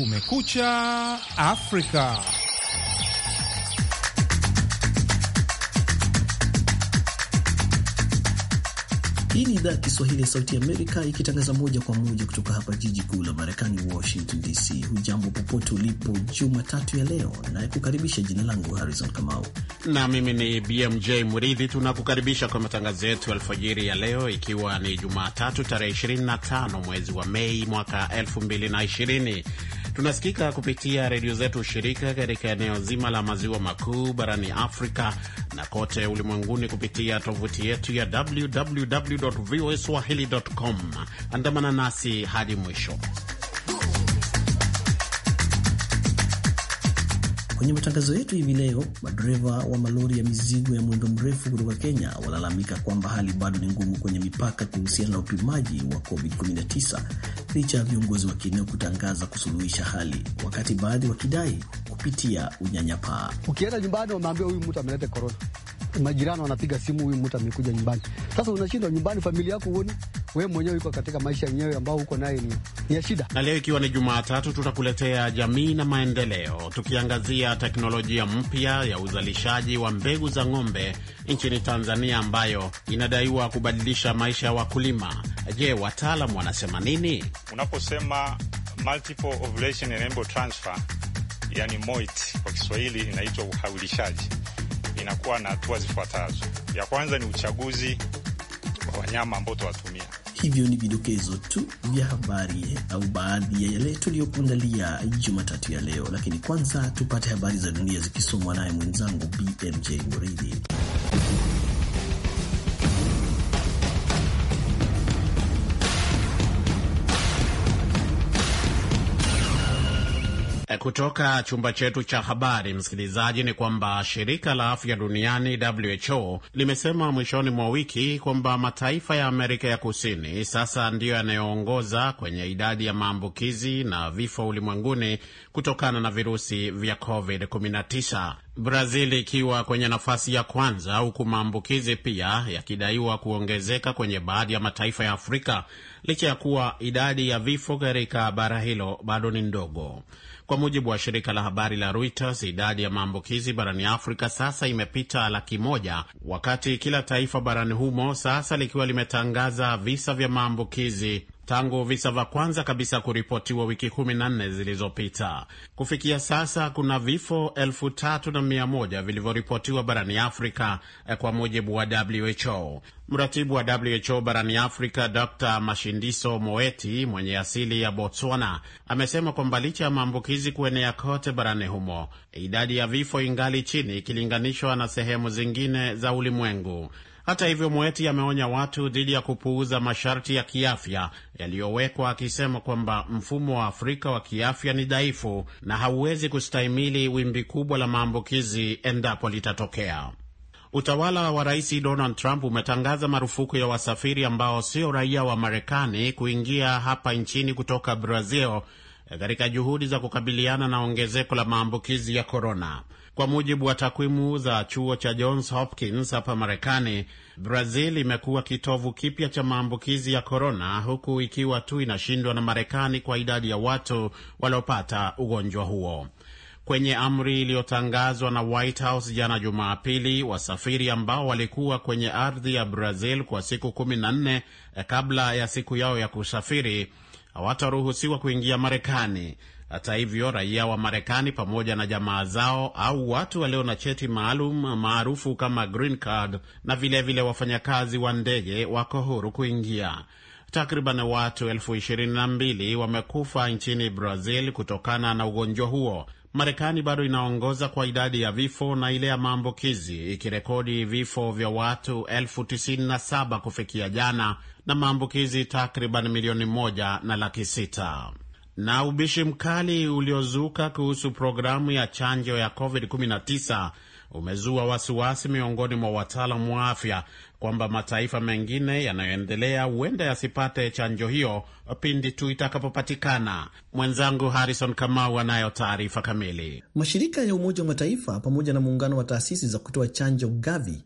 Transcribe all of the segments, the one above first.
Kumekucha Afrika. Hii ni idhaa ya Kiswahili ya Sauti Amerika ikitangaza moja kwa moja kutoka hapa jiji kuu la Marekani, Washington DC. Hujambo popote ulipo, Jumatatu ya leo nayekukaribisha. Jina langu Harrison Kamau na mimi ni BMJ Muridhi. Tunakukaribisha kwa matangazo yetu alfajiri ya leo, ikiwa ni Jumatatu tarehe 25 mwezi wa Mei mwaka 2020. Tunasikika kupitia redio zetu shirika katika eneo zima la maziwa makuu barani Afrika na kote ulimwenguni kupitia tovuti yetu ya www voa com. Andamana nasi hadi mwisho. Kwenye matangazo yetu hivi leo, madereva wa malori ya mizigo ya mwendo mrefu kutoka Kenya walalamika kwamba hali bado ni ngumu kwenye mipaka kuhusiana na upimaji wa COVID-19 licha ya viongozi wa kieneo kutangaza kusuluhisha hali, wakati baadhi wakidai kupitia unyanyapaa. Ukienda nyumbani, wameambia huyu mtu amelete korona, majirani wanapiga simu, huyu mtu amekuja nyumbani. Sasa unashindwa nyumbani, familia yako uone we mwenyewe uko katika maisha yenyewe ambao uko naye ni ya shida. Na leo ikiwa ni Jumatatu, tutakuletea jamii na maendeleo, tukiangazia teknolojia mpya ya uzalishaji wa mbegu za ng'ombe nchini Tanzania ambayo inadaiwa kubadilisha maisha ya wakulima. Je, wataalam wanasema nini unaposema multiple ovulation transfer, yani MOIT kwa Kiswahili inaitwa uhawilishaji? Inakuwa na hatua zifuatazo. Ya kwanza ni uchaguzi wa wanyama ambao tuwatumia Hivyo ni vidokezo tu vya habari au baadhi ya yale tuliyokuandalia Jumatatu ya leo, lakini kwanza tupate habari za dunia zikisomwa naye mwenzangu BMJ Muridi. kutoka chumba chetu cha habari, msikilizaji, ni kwamba shirika la afya duniani WHO limesema mwishoni mwa wiki kwamba mataifa ya Amerika ya Kusini sasa ndiyo yanayoongoza kwenye idadi ya maambukizi na vifo ulimwenguni kutokana na virusi vya COVID-19, Brazil ikiwa kwenye nafasi ya kwanza, huku maambukizi pia yakidaiwa kuongezeka kwenye baadhi ya mataifa ya Afrika licha ya kuwa idadi ya vifo katika bara hilo bado ni ndogo. Kwa mujibu wa shirika la habari la Reuters, idadi ya maambukizi barani Afrika sasa imepita laki moja wakati kila taifa barani humo sasa likiwa limetangaza visa vya maambukizi tangu visa vya kwanza kabisa kuripotiwa wiki 14 zilizopita. Kufikia sasa kuna vifo elfu vilivyoripotiwa barani Afrika eh, kwa mujibu wa WHO. Mratibu wa WHO barani Afrika Dr Mashindiso Moeti mwenye asili ya Botswana amesema kwamba licha ya maambukizi kuenea kote barani humo, idadi ya vifo ingali chini ikilinganishwa na sehemu zingine za ulimwengu. Hata hivyo, mweti ameonya watu dhidi ya kupuuza masharti ya kiafya yaliyowekwa, akisema kwamba mfumo wa Afrika wa kiafya ni dhaifu na hauwezi kustahimili wimbi kubwa la maambukizi endapo litatokea. Utawala wa Rais Donald Trump umetangaza marufuku ya wasafiri ambao sio raia wa Marekani kuingia hapa nchini kutoka Brazil katika juhudi za kukabiliana na ongezeko la maambukizi ya korona. Kwa mujibu wa takwimu za chuo cha Johns Hopkins hapa Marekani, Brazil imekuwa kitovu kipya cha maambukizi ya korona, huku ikiwa tu inashindwa na Marekani kwa idadi ya watu waliopata ugonjwa huo. Kwenye amri iliyotangazwa na White House jana Jumapili, wasafiri ambao walikuwa kwenye ardhi ya Brazil kwa siku kumi na nne eh, kabla ya siku yao ya kusafiri hawataruhusiwa kuingia Marekani. Hata hivyo, raia wa Marekani pamoja na jamaa zao au watu walio na cheti maalum maarufu kama green card na vilevile wafanyakazi wa ndege wako huru kuingia. Takriban watu elfu ishirini na mbili wamekufa nchini Brazil kutokana na ugonjwa huo. Marekani bado inaongoza kwa idadi ya vifo na ile ya maambukizi ikirekodi vifo vya watu elfu tisini na saba kufikia jana na maambukizi takriban milioni moja na laki sita. Na ubishi mkali uliozuka kuhusu programu ya chanjo ya COVID-19 umezua wasiwasi miongoni mwa wataalamu wa afya kwamba mataifa mengine yanayoendelea huenda yasipate chanjo hiyo pindi tu itakapopatikana. Mwenzangu Harrison Kamau anayo taarifa kamili. Mashirika ya Umoja wa Mataifa pamoja na muungano wa taasisi za kutoa chanjo Gavi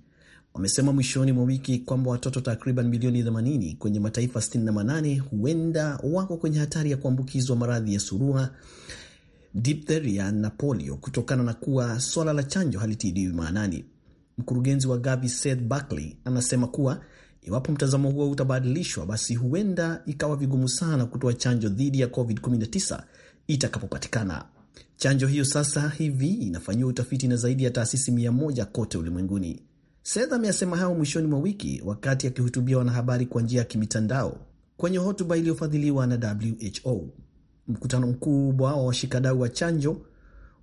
wamesema mwishoni mwa wiki kwamba watoto takriban milioni 80 kwenye mataifa 68 huenda wako kwenye hatari ya kuambukizwa maradhi ya surua, diphtheria na polio kutokana na kuwa swala la chanjo halitiliwi maanani. Mkurugenzi wa Gavi Seth Barkley anasema kuwa iwapo mtazamo huo utabadilishwa, basi huenda ikawa vigumu sana kutoa chanjo dhidi ya COVID-19 itakapopatikana. Chanjo hiyo sasa hivi inafanyiwa utafiti na zaidi ya taasisi mia moja kote ulimwenguni. Seth ameyasema hayo mwishoni mwa wiki wakati akihutubia wanahabari kwa njia ya kimitandao kwenye hotuba iliyofadhiliwa na WHO. Mkutano mkubwa wa washikadau wa chanjo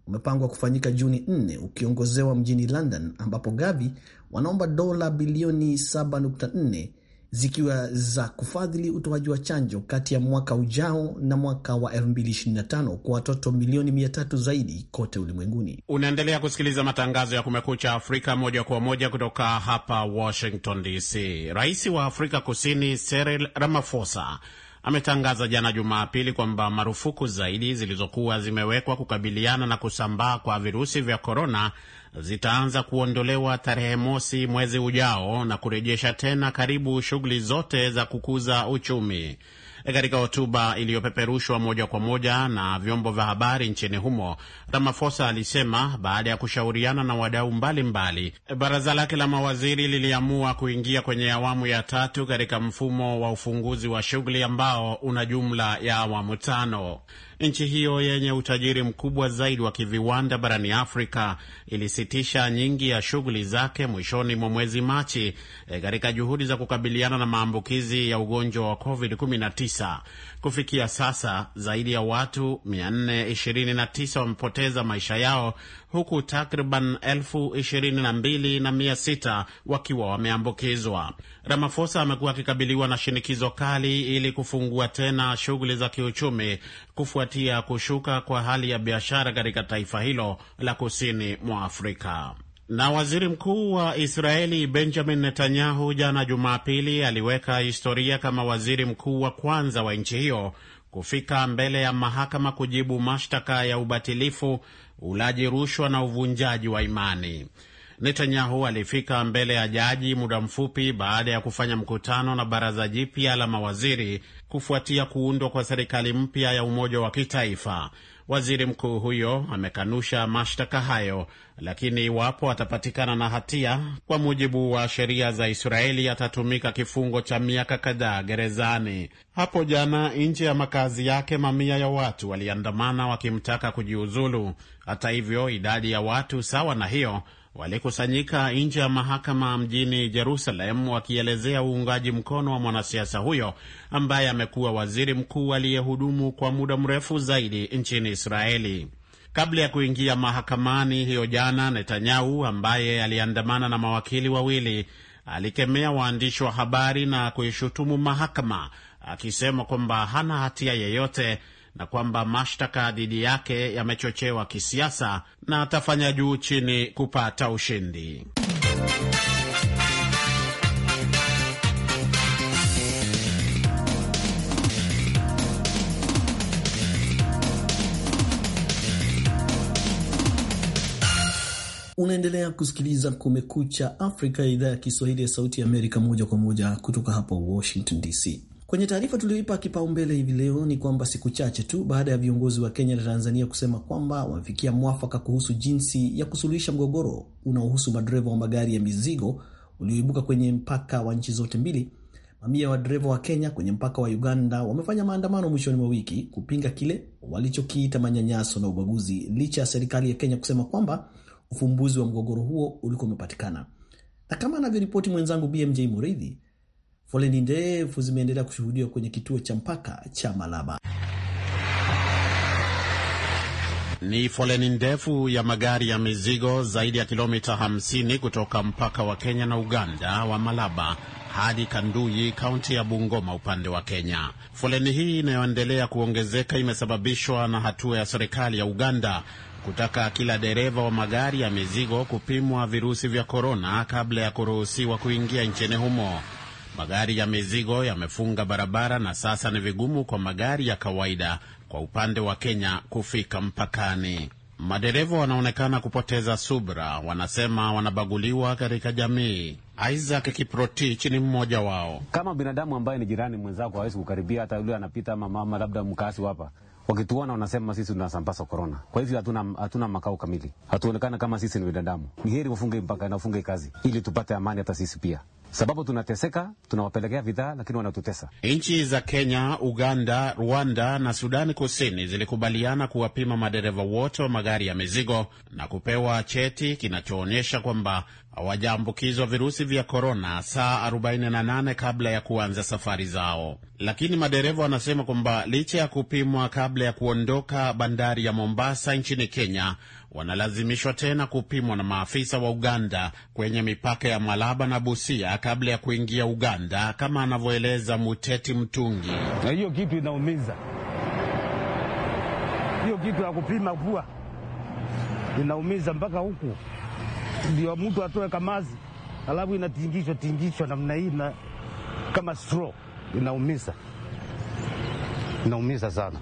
umepangwa kufanyika Juni 4 ukiongozewa mjini London, ambapo Gavi wanaomba dola bilioni 7.4 zikiwa za kufadhili utoaji wa chanjo kati ya mwaka ujao na mwaka wa 2025 kwa watoto milioni 300 zaidi kote ulimwenguni. Unaendelea kusikiliza matangazo ya Kumekucha Afrika moja kwa moja kutoka hapa Washington DC. Rais wa Afrika Kusini Cyril Ramaphosa ametangaza jana Jumapili kwamba marufuku zaidi zilizokuwa zimewekwa kukabiliana na kusambaa kwa virusi vya korona zitaanza kuondolewa tarehe mosi mwezi ujao na kurejesha tena karibu shughuli zote za kukuza uchumi. Katika hotuba iliyopeperushwa moja kwa moja na vyombo vya habari nchini humo, ramafosa alisema baada ya kushauriana na wadau mbalimbali, baraza lake la mawaziri liliamua kuingia kwenye awamu ya tatu katika mfumo wa ufunguzi wa shughuli ambao una jumla ya awamu tano. Nchi hiyo yenye utajiri mkubwa zaidi wa kiviwanda barani Afrika ilisitisha nyingi ya shughuli zake mwishoni mwa mwezi Machi eh, katika e, juhudi za kukabiliana na maambukizi ya ugonjwa wa COVID-19. Kufikia sasa zaidi ya watu 429 wamepoteza maisha yao huku takriban elfu ishirini na mbili na mia sita wakiwa wameambukizwa. ramafosa amekuwa akikabiliwa na shinikizo kali ili kufungua tena shughuli za kiuchumi kufuatia kushuka kwa hali ya biashara katika taifa hilo la kusini mwa Afrika. Na waziri mkuu wa Israeli Benjamin Netanyahu jana Jumapili aliweka historia kama waziri mkuu wa kwanza wa nchi hiyo kufika mbele ya mahakama kujibu mashtaka ya ubatilifu, ulaji rushwa na uvunjaji wa imani. Netanyahu alifika mbele ya jaji muda mfupi baada ya kufanya mkutano na baraza jipya la mawaziri kufuatia kuundwa kwa serikali mpya ya umoja wa kitaifa. Waziri mkuu huyo amekanusha mashtaka hayo, lakini iwapo atapatikana na hatia, kwa mujibu wa sheria za Israeli, atatumika kifungo cha miaka kadhaa gerezani. Hapo jana, nje ya makazi yake, mamia ya watu waliandamana wakimtaka kujiuzulu. Hata hivyo, idadi ya watu sawa na hiyo walikusanyika nje ya mahakama mjini Jerusalem wakielezea uungaji mkono wa mwanasiasa huyo ambaye amekuwa waziri mkuu aliyehudumu kwa muda mrefu zaidi nchini Israeli. Kabla ya kuingia mahakamani hiyo jana, Netanyahu ambaye aliandamana na mawakili wawili alikemea waandishi wa habari na kuishutumu mahakama akisema kwamba hana hatia yeyote na kwamba mashtaka dhidi yake yamechochewa kisiasa na atafanya juu chini kupata ushindi. Unaendelea kusikiliza Kumekucha Afrika ya idhaa ya Kiswahili ya Sauti ya Amerika, moja kwa moja kutoka hapa Washington DC. Kwenye taarifa tuliyoipa kipaumbele hivi leo ni kwamba siku chache tu baada ya viongozi wa Kenya na Tanzania kusema kwamba wamefikia mwafaka kuhusu jinsi ya kusuluhisha mgogoro unaohusu madereva wa magari ya mizigo ulioibuka kwenye mpaka wa nchi zote mbili, mamia ya wadereva wa Kenya kwenye mpaka wa Uganda wamefanya maandamano mwishoni mwa wiki kupinga kile walichokiita manyanyaso na ubaguzi, licha ya serikali ya Kenya kusema kwamba ufumbuzi wa mgogoro huo ulikuwa umepatikana. Na kama anavyoripoti mwenzangu BMJ Muridhi, Foleni ndefu zimeendelea kushuhudiwa kwenye kituo cha mpaka cha Malaba. Ni foleni ndefu ya magari ya mizigo zaidi ya kilomita 50 kutoka mpaka wa Kenya na Uganda wa Malaba hadi Kanduyi, kaunti ya Bungoma, upande wa Kenya. Foleni hii inayoendelea kuongezeka imesababishwa na hatua ya serikali ya Uganda kutaka kila dereva wa magari ya mizigo kupimwa virusi vya korona kabla ya kuruhusiwa kuingia nchini humo. Magari ya mizigo yamefunga barabara na sasa ni vigumu kwa magari ya kawaida kwa upande wa Kenya kufika mpakani. Madereva wanaonekana kupoteza subra, wanasema wanabaguliwa katika jamii. Isaac Kiprotich ni mmoja wao. Kama binadamu ambaye ni jirani mwenzako hawezi kukaribia, hata yule anapita ama mama labda mkasi hapa wakituona wanasema sisi tunasambaza korona. Kwa hivyo hatuna, hatuna makao kamili, hatuonekana kama sisi ni binadamu. Ni heri wafunge mpaka na wafunge kazi ili tupate amani hata sisi pia sababu tunateseka, tunawapelekea bidhaa lakini wanatutesa. Nchi za Kenya, Uganda, Rwanda na Sudani Kusini zilikubaliana kuwapima madereva wote wa magari ya mizigo na kupewa cheti kinachoonyesha kwamba hawajaambukizwa virusi vya korona saa 48 kabla ya kuanza safari zao. Lakini madereva wanasema kwamba licha ya kupimwa kabla ya kuondoka bandari ya Mombasa nchini Kenya, wanalazimishwa tena kupimwa na maafisa wa Uganda kwenye mipaka ya Malaba na Busia kabla ya kuingia Uganda, kama anavyoeleza Muteti Mtungi. Na hiyo kitu inaumiza, hiyo kitu ya kupima pua inaumiza mpaka huku, ndio mtu atoe kamazi, alafu inatingishwa tingishwa namna hii na kama straw, inaumiza, inaumiza sana.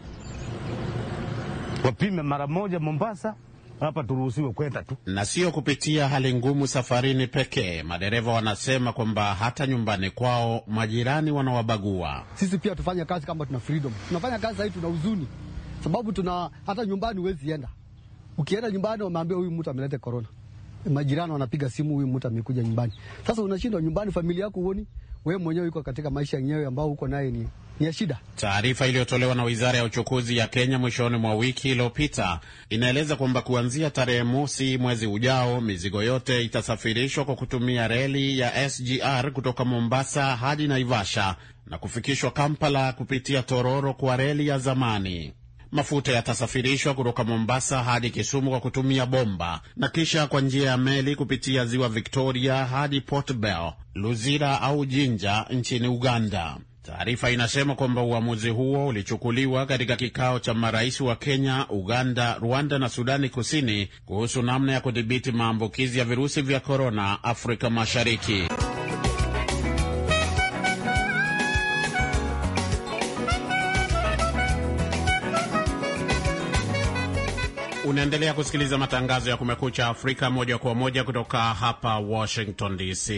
Wapime mara moja Mombasa hapa turuhusiwe kwenda tu, na sio kupitia hali ngumu safarini pekee. Madereva wanasema kwamba hata nyumbani kwao majirani wanawabagua. Sisi pia tufanye kazi kama tuna freedom, tunafanya kazi sahii, tuna huzuni sababu tuna hata nyumbani huwezi enda. Ukienda nyumbani wameambia huyu mtu amelete korona, majirani wanapiga simu, huyu mtu amekuja nyumbani. Sasa unashindwa nyumbani, familia yako huoni, wewe mwenyewe uko katika maisha yenyewe ambao uko naye ni ya shida. Taarifa iliyotolewa na wizara ya uchukuzi ya Kenya mwishoni mwa wiki iliyopita inaeleza kwamba kuanzia tarehe mosi mwezi ujao mizigo yote itasafirishwa kwa kutumia reli ya SGR kutoka Mombasa hadi Naivasha na kufikishwa Kampala kupitia Tororo kwa reli ya zamani. Mafuta yatasafirishwa kutoka Mombasa hadi Kisumu kwa kutumia bomba na kisha kwa njia ya meli kupitia ziwa Victoria hadi Port Bell, Luzira au Jinja nchini Uganda. Taarifa inasema kwamba uamuzi huo ulichukuliwa katika kikao cha marais wa Kenya, Uganda, Rwanda na Sudani Kusini kuhusu namna ya kudhibiti maambukizi ya virusi vya korona Afrika Mashariki. Unaendelea kusikiliza matangazo ya Kumekucha Afrika moja kwa moja kutoka hapa Washington DC.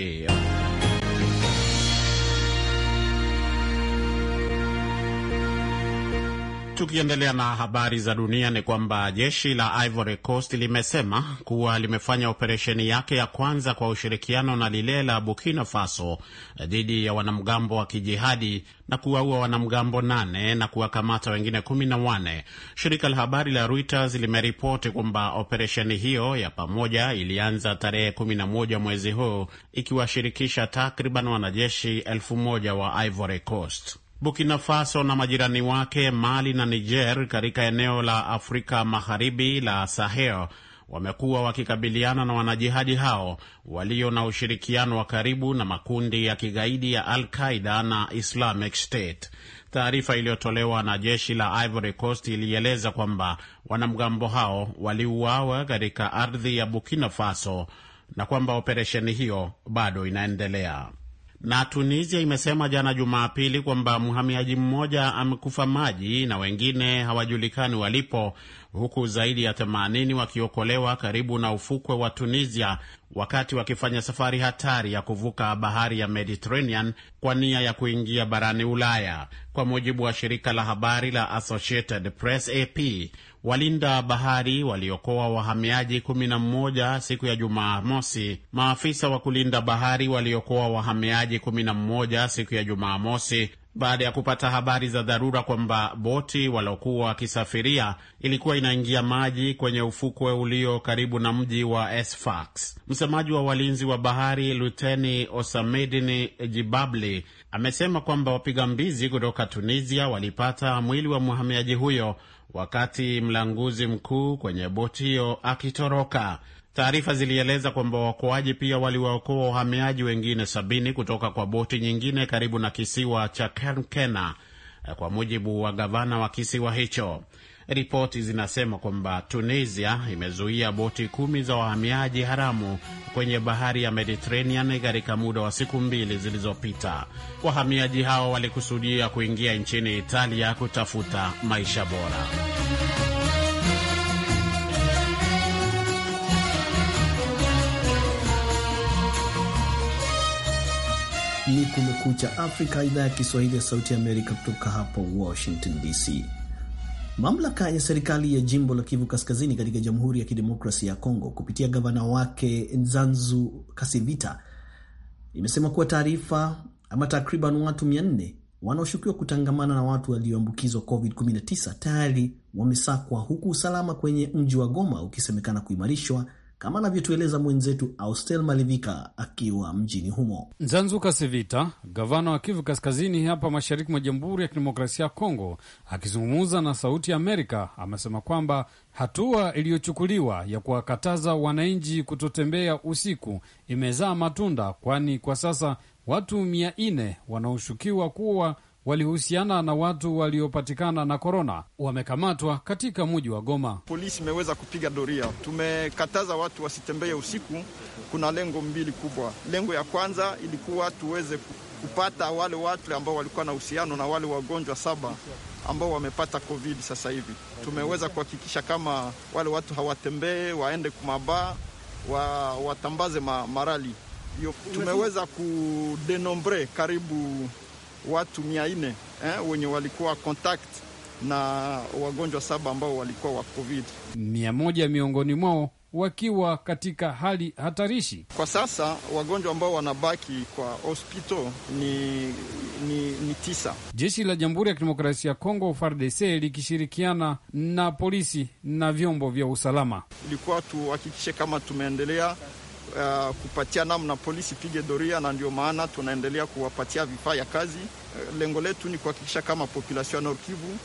Tukiendelea na habari za dunia ni kwamba jeshi la Ivory Coast limesema kuwa limefanya operesheni yake ya kwanza kwa ushirikiano na lile la Burkina Faso dhidi ya wanamgambo wa kijihadi na kuwaua wanamgambo nane na kuwakamata wengine kumi na wane. Shirika la habari la Reuters limeripoti kwamba operesheni hiyo ya pamoja ilianza tarehe kumi na moja mwezi huu ikiwashirikisha takriban wanajeshi elfu moja wa Ivory Coast. Burkina Faso na majirani wake Mali na Niger katika eneo la Afrika Magharibi la Sahel wamekuwa wakikabiliana na wanajihadi hao walio na ushirikiano wa karibu na makundi ya kigaidi ya Al-Qaida na Islamic State. Taarifa iliyotolewa na jeshi la Ivory Coast ilieleza kwamba wanamgambo hao waliuawa katika ardhi ya Burkina Faso na kwamba operesheni hiyo bado inaendelea. Na Tunisia imesema jana Jumapili kwamba mhamiaji mmoja amekufa maji na wengine hawajulikani walipo, huku zaidi ya 80 wakiokolewa karibu na ufukwe wa Tunisia wakati wakifanya safari hatari ya kuvuka bahari ya Mediterranean kwa nia ya kuingia barani Ulaya, kwa mujibu wa shirika la habari la Associated Press AP. Walinda bahari waliokoa wahamiaji kumi na mmoja siku ya Jumamosi. Maafisa wa kulinda bahari waliokoa wahamiaji kumi na mmoja siku ya Jumamosi baada ya kupata habari za dharura kwamba boti waliokuwa wakisafiria ilikuwa inaingia maji kwenye ufukwe ulio karibu na mji wa Sfax. Msemaji wa walinzi wa bahari Luteni Osamedin Jibabli amesema kwamba wapiga mbizi kutoka Tunisia walipata mwili wa mhamiaji huyo wakati mlanguzi mkuu kwenye boti hiyo akitoroka. Taarifa zilieleza kwamba waokoaji pia waliwaokoa wahamiaji wengine sabini kutoka kwa boti nyingine karibu na kisiwa cha Kenkena, kwa mujibu wa gavana wa kisiwa hicho. Ripoti zinasema kwamba Tunisia imezuia boti kumi za wahamiaji haramu kwenye bahari ya Mediterranean katika muda wa siku mbili zilizopita. Wahamiaji hao walikusudia kuingia nchini Italia kutafuta maisha bora. Ni Kumekucha Afrika, idhaa ya Kiswahili ya Sauti ya Amerika, kutoka hapo Washington DC. Mamlaka ya serikali ya jimbo la Kivu Kaskazini katika Jamhuri ya Kidemokrasia ya Kongo kupitia gavana wake Nzanzu Kasivita imesema kuwa taarifa ama takriban watu 400 wanaoshukiwa kutangamana na watu walioambukizwa COVID-19 tayari wamesakwa huku usalama kwenye mji wa Goma ukisemekana kuimarishwa kama anavyotueleza mwenzetu Austel Malivika akiwa mjini humo. Nzanzuka Sivita, gavana wa Kivu Kaskazini hapa mashariki mwa Jamhuri ya Kidemokrasia ya Kongo, akizungumza na Sauti ya Amerika, amesema kwamba hatua iliyochukuliwa ya kuwakataza wananchi kutotembea usiku imezaa matunda, kwani kwa sasa watu mia nne wanaoshukiwa kuwa walihusiana na watu waliopatikana na korona wamekamatwa katika mji wa Goma. Polisi imeweza kupiga doria, tumekataza watu wasitembee usiku. Kuna lengo mbili kubwa. Lengo ya kwanza ilikuwa tuweze kupata wale watu ambao walikuwa na uhusiano na wale wagonjwa saba ambao wamepata COVID. Sasa hivi tumeweza kuhakikisha kama wale watu hawatembee, waende kumabaa, wa, watambaze ma, marali. Tumeweza kudenombre karibu watu mia nne eh, wenye walikuwa contact na wagonjwa saba ambao walikuwa wa COVID, mia moja miongoni mwao wakiwa katika hali hatarishi. Kwa sasa wagonjwa ambao wanabaki kwa hospital ni, ni, ni tisa. Jeshi la Jamhuri ya Kidemokrasia ya Kongo FARDC likishirikiana na polisi na vyombo vya usalama, ilikuwa tuhakikishe kama tumeendelea uh, kupatia namna polisi pige doria, na ndio maana tunaendelea kuwapatia vifaa ya kazi. Uh, lengo letu ni kuhakikisha kama population ya norkivu Kivu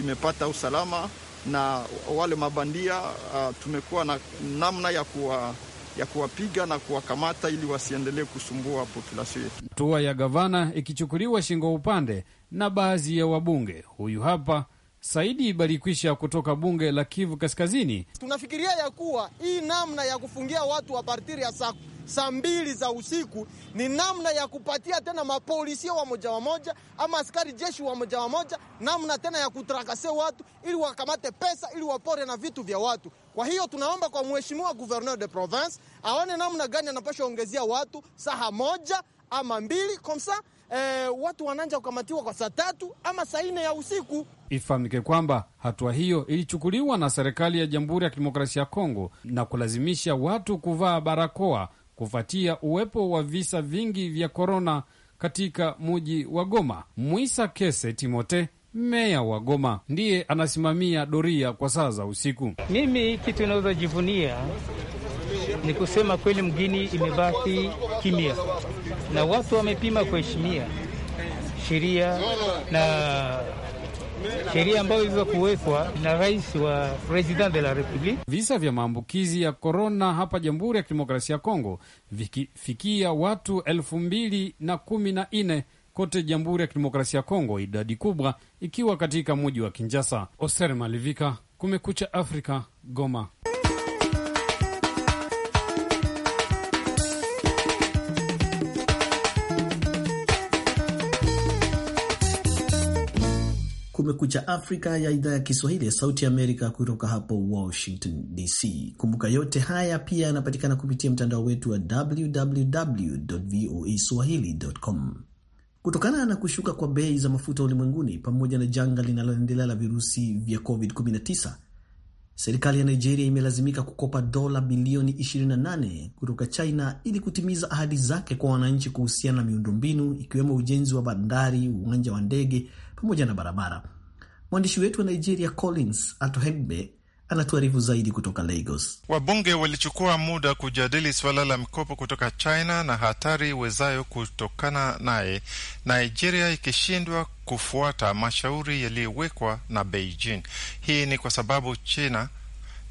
imepata usalama na wale mabandia uh, tumekuwa na namna ya kuwa ya kuwapiga na kuwakamata ili wasiendelee kusumbua populasio yetu. Hatua ya gavana ikichukuliwa shingo upande na baadhi ya wabunge. Huyu hapa Saidi Barikwisha kutoka bunge la Kivu Kaskazini. Tunafikiria ya kuwa hii namna ya kufungia watu wa partiri ya saa saa mbili za usiku ni namna ya kupatia tena mapolisia wamoja wamoja ama askari jeshi wamoja wamoja, namna tena ya kutrakase watu ili wakamate pesa ili wapore na vitu vya watu. Kwa hiyo tunaomba kwa mheshimiwa gouverneur de province aone namna gani anapasha ongezea watu saha moja ama mbili komsa, eh, watu wananja kukamatiwa kwa saa tatu ama saa nne ya usiku. Ifahamike kwamba hatua hiyo ilichukuliwa na serikali ya Jamhuri ya Kidemokrasia ya Kongo na kulazimisha watu kuvaa barakoa kufuatia uwepo wa visa vingi vya korona katika muji wa Goma. Mwisa Kese Timote, meya wa Goma, ndiye anasimamia doria kwa saa za usiku. Mimi kitu inazojivunia ni kusema kweli, mgini imebaki kimya na watu wamepima kuheshimia sheria na sheria ambayo kuwekwa na rais wa president de la republique. Visa vya maambukizi ya korona hapa Jamhuri ya Kidemokrasia ya Kongo vikifikia watu elfu mbili na kumi na nne kote Jamhuri ya Kidemokrasia ya Kongo, idadi kubwa ikiwa katika muji wa Kinshasa. Oser Malivika, Kumekucha Afrika, Goma. Kumekucha Afrika ya idhaa ya Kiswahili ya Sauti ya Amerika kutoka hapo Washington DC. Kumbuka yote haya pia yanapatikana kupitia mtandao wetu wa www voa Kutokana na kushuka kwa bei za mafuta ulimwenguni pamoja na janga linaloendelea la virusi vya COVID-19, serikali ya Nigeria imelazimika kukopa dola bilioni 28 kutoka China ili kutimiza ahadi zake kwa wananchi kuhusiana na miundombinu ikiwemo ujenzi wa bandari, uwanja wa ndege pamoja na barabara. Mwandishi wetu wa Nigeria Collins Atohegbe anatuarifu zaidi kutoka Lagos. Wabunge walichukua muda kujadili suala la mikopo kutoka China na hatari iwezayo kutokana naye, Nigeria ikishindwa kufuata mashauri yaliyowekwa na Beijing. Hii ni kwa sababu China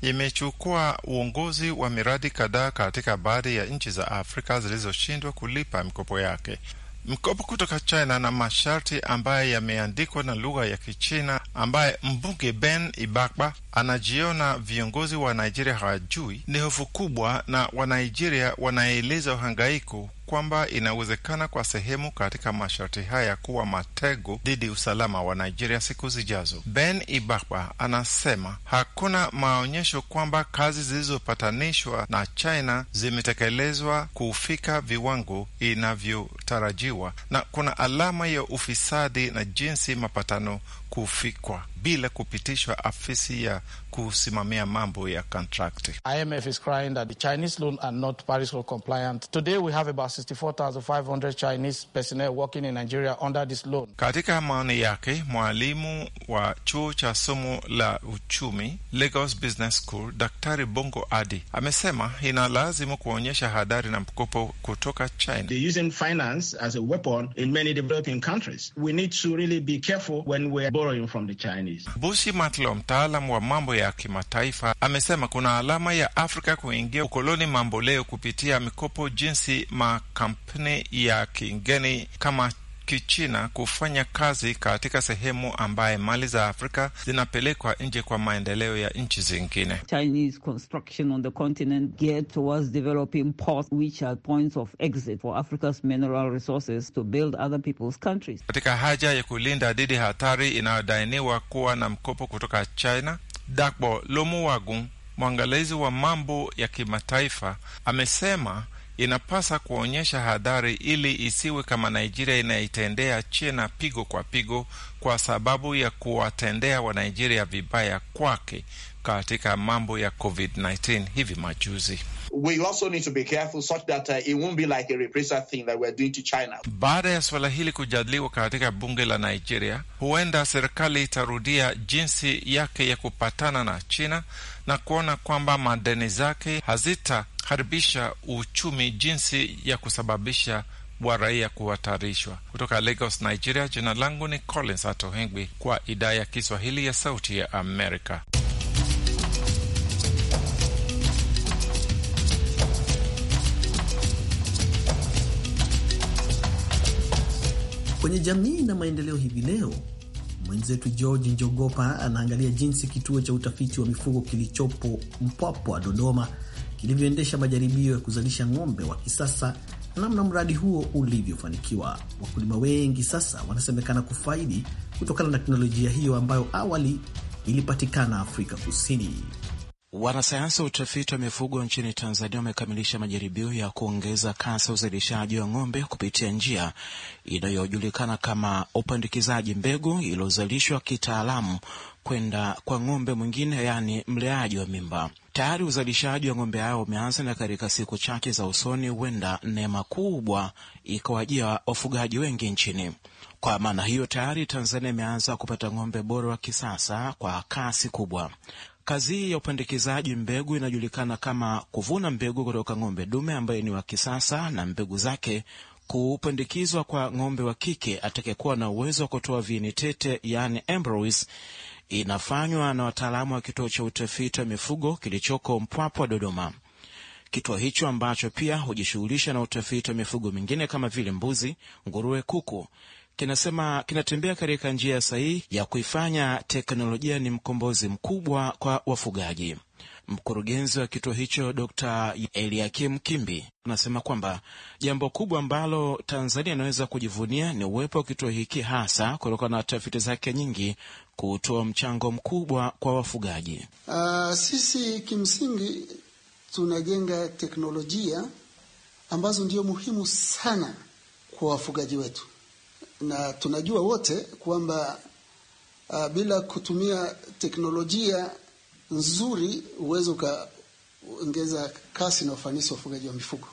imechukua uongozi wa miradi kadhaa katika baadhi ya nchi za Afrika zilizoshindwa kulipa mikopo yake mkopo kutoka China na masharti ambaye yameandikwa na lugha ya Kichina ambaye mbunge Ben Ibakpa anajiona viongozi wa Nigeria hawajui ni hofu kubwa, na Wanigeria wanaeleza uhangaiko kwamba inawezekana kwa sehemu katika masharti haya kuwa matego dhidi usalama wa Nigeria siku zijazo. Ben ibaba anasema hakuna maonyesho kwamba kazi zilizopatanishwa na China zimetekelezwa kufika viwango inavyotarajiwa na kuna alama ya ufisadi na jinsi mapatano kufikwa bila kupitishwa afisi ya kusimamia mambo ya kontrakti. IMF is crying that the Chinese loan are not Paris compliant. Today we have about 64,500 Chinese personnel working in Nigeria under this loan. Katika maoni yake, mwalimu wa chuo cha somo la uchumi Lagos Business School, Daktari Bongo Adi amesema ina lazimu kuonyesha hadari na mkopo kutoka China. They're using finance as a weapon in many developing countries. We need to really be careful when we're borrowing from the Chinese. Studies. Bushi Matlo, mtaalamu wa mambo ya kimataifa, amesema kuna alama ya Afrika kuingia ukoloni mambo leo kupitia mikopo jinsi makampuni ya kigeni kama kichina kufanya kazi katika sehemu ambaye mali za Afrika zinapelekwa nje kwa maendeleo ya nchi zingine. Chinese construction on the continent geared towards developing ports which are points of exit for Africa's mineral resources to build other people's countries. Katika haja ya kulinda dhidi hatari inayodainiwa kuwa na mkopo kutoka China, Dakbo Lomuwagu, mwangalizi wa mambo ya kimataifa, amesema inapasa kuonyesha hadhari ili isiwe kama Nigeria inaitendea China pigo kwa pigo kwa sababu ya kuwatendea Wanigeria vibaya kwake katika mambo ya COVID-19 hivi majuzi. Uh, Baada ya suala hili kujadiliwa katika bunge la Nigeria, huenda serikali itarudia jinsi yake ya kupatana na China na kuona kwamba madeni zake hazitaharibisha uchumi jinsi ya kusababisha wa raia kuhatarishwa. Kutoka Lagos, Nigeria, jina langu ni Collins Atohengwi kwa idhaa ya Kiswahili ya Sauti ya Amerika. Kwenye jamii na maendeleo hivi leo, Mwenzetu George Njogopa anaangalia jinsi kituo cha utafiti wa mifugo kilichopo Mpwapwa, Dodoma, kilivyoendesha majaribio ya kuzalisha ng'ombe wa kisasa na namna mradi huo ulivyofanikiwa. Wakulima wengi sasa wanasemekana kufaidi kutokana na teknolojia hiyo ambayo awali ilipatikana Afrika Kusini. Wanasayansi wa utafiti wa mifugo nchini Tanzania wamekamilisha majaribio ya kuongeza kasi ya uzalishaji wa ng'ombe kupitia njia inayojulikana kama upandikizaji mbegu iliyozalishwa kitaalamu kwenda kwa ng'ombe mwingine, yaani mleaji wa mimba. Tayari uzalishaji wa ng'ombe hao umeanza, na katika siku chache za usoni huenda neema kubwa ikawajia wafugaji wengi nchini. Kwa maana hiyo, tayari Tanzania imeanza kupata ng'ombe bora wa kisasa kwa kasi kubwa. Kazi hii ya upandikizaji mbegu inajulikana kama kuvuna mbegu kutoka ng'ombe dume ambaye ni wa kisasa na mbegu zake kupandikizwa kwa ng'ombe wa kike atakayekuwa na uwezo wa kutoa viini tete, yani embryos, inafanywa na wataalamu wa kituo cha utafiti wa mifugo kilichoko Mpwapwa, Dodoma. Kituo hicho ambacho pia hujishughulisha na utafiti wa mifugo mingine kama vile mbuzi, nguruwe, kuku kinasema kinatembea katika njia sahihi ya kuifanya teknolojia ni mkombozi mkubwa kwa wafugaji. Mkurugenzi wa kituo hicho Dr. Eliakim Kimbi anasema kwamba jambo kubwa ambalo Tanzania inaweza kujivunia ni uwepo wa kituo hiki, hasa kutokana na tafiti zake nyingi kutoa mchango mkubwa kwa wafugaji. Uh, sisi kimsingi tunajenga teknolojia ambazo ndio muhimu sana kwa wafugaji wetu na tunajua wote kwamba uh, bila kutumia teknolojia nzuri huwezi ukaongeza kasi na ufanisi wa ufugaji wa mifugo.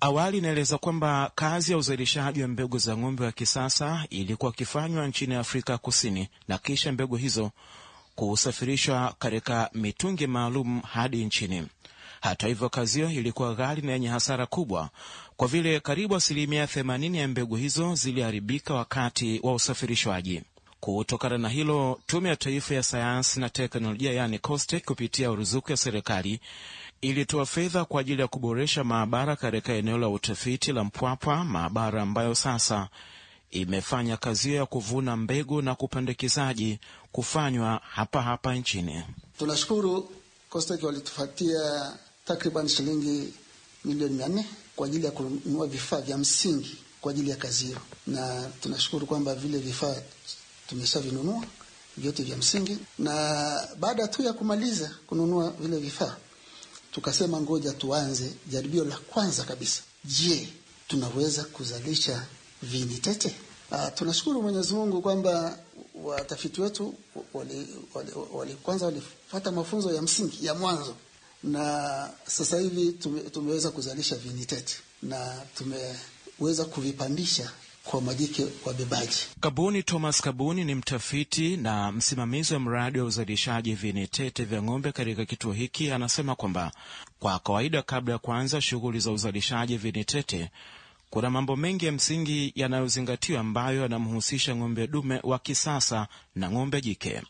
Awali inaeleza kwamba kazi ya uzalishaji wa mbegu za ng'ombe wa kisasa ilikuwa ikifanywa nchini Afrika Kusini na kisha mbegu hizo kusafirishwa katika mitungi maalum hadi nchini. Hata hivyo, kazi hiyo ilikuwa ghali na yenye hasara kubwa kwa vile karibu asilimia 80 ya mbegu hizo ziliharibika wakati wa usafirishwaji. Kutokana na hilo, Tume ya Taifa ya Sayansi na Teknolojia yani COSTECH kupitia ruzuku ya serikali ilitoa fedha kwa ajili ya kuboresha maabara katika eneo la utafiti la Mpwapwa, maabara ambayo sasa imefanya kazi hiyo ya kuvuna mbegu na kupandikizaji kufanywa hapa hapa nchini. Tunashukuru COSTECH walitufatia takriban shilingi milioni mia nne kwa ajili ya kununua vifaa vya msingi kwa ajili ya kazi hiyo, na tunashukuru kwamba vile vifaa tumeshavinunua vyote vya msingi, na baada tu ya kumaliza kununua vile vifaa tukasema ngoja tuanze jaribio la kwanza kabisa. Je, tunaweza kuzalisha viini tete? Aa, ah, tunashukuru Mwenyezi Mungu kwamba watafiti wetu wali, wali, wali, wali kwanza walifuata mafunzo ya msingi ya mwanzo na sasa hivi tume, tumeweza kuzalisha vinitete na tumeweza kuvipandisha kwa majike wabebaji. Kabuni Thomas Kabuni ni mtafiti na msimamizi wa mradi wa uzalishaji vinitete vya ng'ombe katika kituo hiki, anasema kwamba kwa kawaida, kabla ya kuanza shughuli za uzalishaji vinitete, kuna mambo mengi ya msingi yanayozingatiwa ambayo yanamhusisha ng'ombe dume wa kisasa na ng'ombe jike.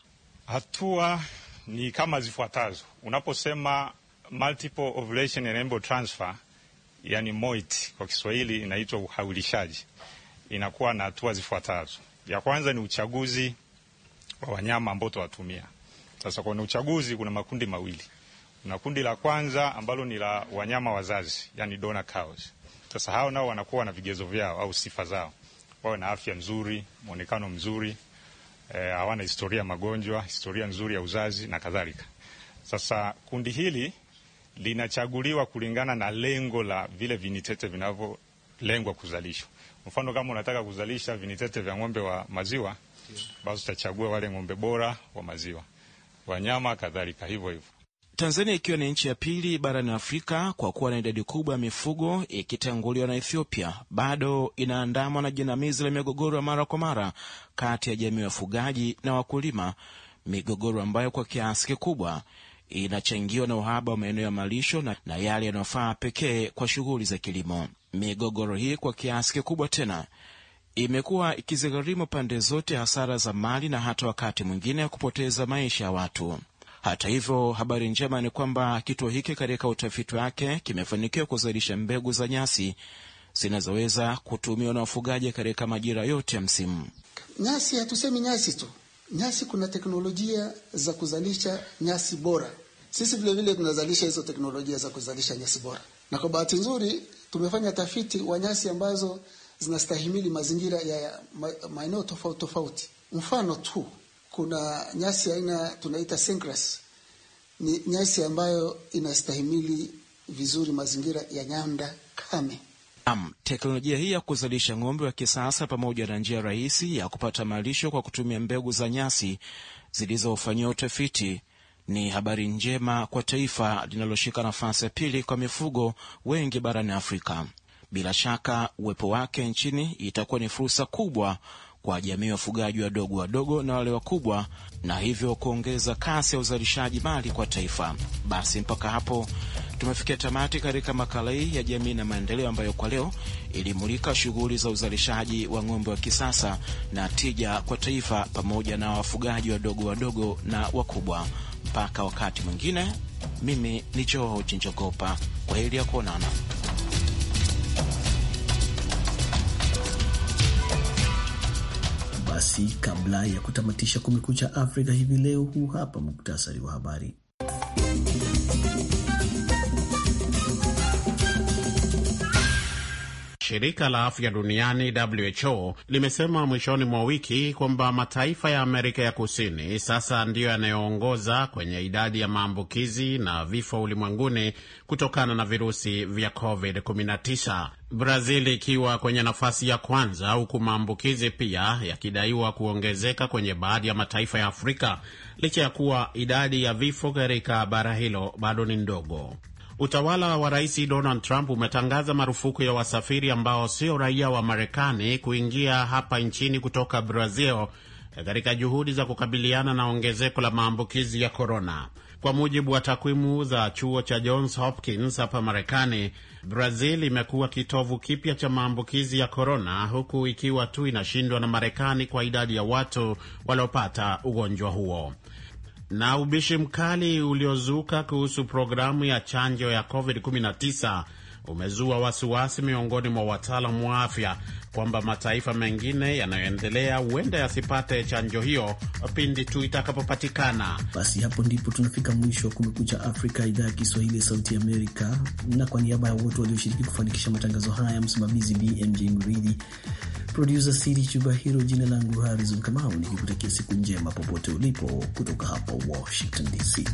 Hatua ni kama zifuatazo. Unaposema multiple ovulation and embryo transfer, yani MOIT kwa Kiswahili inaitwa uhaulishaji, inakuwa na hatua zifuatazo. Ya kwanza ni uchaguzi wa wanyama ambao tutawatumia. Sasa kwenye uchaguzi kuna makundi mawili. Kuna kundi la kwanza ambalo ni la wanyama wazazi, yani donor cows. Sasa hao nao wanakuwa na vigezo vyao au sifa zao, wawe na afya nzuri, mwonekano mzuri, eh, hawana historia magonjwa, historia nzuri ya uzazi na kadhalika. Sasa kundi hili linachaguliwa kulingana na lengo la vile vinitete vinavyolengwa kuzalishwa. Mfano, kama unataka kuzalisha vinitete vya ng'ombe wa maziwa, basi utachagua wale ng'ombe bora wa maziwa, wanyama kadhalika, hivyo hivyo. Tanzania ikiwa ni nchi ya pili barani Afrika kwa kuwa na idadi kubwa ya mifugo ikitanguliwa na Ethiopia, bado inaandamwa na jinamizi la migogoro ya mara kwa mara kati ya jamii ya wafugaji na wakulima, migogoro ambayo kwa kiasi kikubwa inachangiwa na uhaba wa maeneo ya malisho na, na yale yanayofaa pekee kwa shughuli za kilimo. Migogoro hii kwa kiasi kikubwa tena imekuwa ikizigharimu pande zote hasara za mali na hata wakati mwingine ya kupoteza maisha ya watu. Hata hivyo, habari njema ni kwamba kituo hiki katika utafiti wake kimefanikiwa kuzalisha mbegu za nyasi zinazoweza kutumiwa na wafugaji katika majira yote ya msimu. Nyasi hatusemi nyasi tu nyasi, kuna teknolojia za kuzalisha nyasi bora. Sisi vile vile tunazalisha hizo teknolojia za kuzalisha nyasi bora, na kwa bahati nzuri tumefanya tafiti wa nyasi ambazo zinastahimili mazingira ya maeneo tofauti tofauti. Mfano tu kuna nyasi aina tunaita Sencras, ni nyasi ambayo inastahimili vizuri mazingira ya nyanda kame. Am, teknolojia hii ya kuzalisha ng'ombe wa kisasa pamoja na njia rahisi ya kupata malisho kwa kutumia mbegu za nyasi zilizofanyiwa utafiti ni habari njema kwa taifa linaloshika nafasi ya pili kwa mifugo wengi barani Afrika. Bila shaka uwepo wake nchini itakuwa ni fursa kubwa kwa jamii wafugaji wadogo wadogo na wale wakubwa, na hivyo kuongeza kasi ya uzalishaji mali kwa taifa. Basi mpaka hapo tumefikia tamati katika makala hii ya jamii na maendeleo, ambayo kwa leo ilimulika shughuli za uzalishaji wa ng'ombe wa kisasa na tija kwa taifa, pamoja na wafugaji wadogo wadogo na wakubwa. Mpaka wakati mwingine, mimi ni Joho Chinjogopa, kwa hili ya kuonana. Basi kabla ya kutamatisha Kumekucha Afrika hivi leo, huu hapa muktasari wa habari. Shirika la afya duniani WHO limesema mwishoni mwa wiki kwamba mataifa ya Amerika ya Kusini sasa ndiyo yanayoongoza kwenye idadi ya maambukizi na vifo ulimwenguni kutokana na virusi vya COVID-19, Brazil ikiwa kwenye nafasi ya kwanza, huku maambukizi pia yakidaiwa kuongezeka kwenye baadhi ya mataifa ya Afrika licha ya kuwa idadi ya vifo katika bara hilo bado ni ndogo. Utawala wa Rais Donald Trump umetangaza marufuku ya wasafiri ambao sio raia wa Marekani kuingia hapa nchini kutoka Brazil katika juhudi za kukabiliana na ongezeko la maambukizi ya korona. Kwa mujibu wa takwimu za chuo cha Johns Hopkins hapa Marekani, Brazil imekuwa kitovu kipya cha maambukizi ya korona, huku ikiwa tu inashindwa na Marekani kwa idadi ya watu waliopata ugonjwa huo. Na ubishi mkali uliozuka kuhusu programu ya chanjo ya COVID-19 umezua wasiwasi miongoni mwa wataalamu wa afya kwamba mataifa mengine yanayoendelea huenda yasipate chanjo hiyo pindi tu itakapopatikana. Basi hapo ndipo tunafika mwisho wa Kumekucha Afrika, idhaa ya Kiswahili ya Sauti Amerika. Na kwa niaba ya wote walioshiriki kufanikisha matangazo haya, msimamizi BMJ Mridhi, produsa Siri Chubahiro, jina langu Harizon Kamau, nikikutakia siku njema popote ulipo, kutoka hapa Washington DC.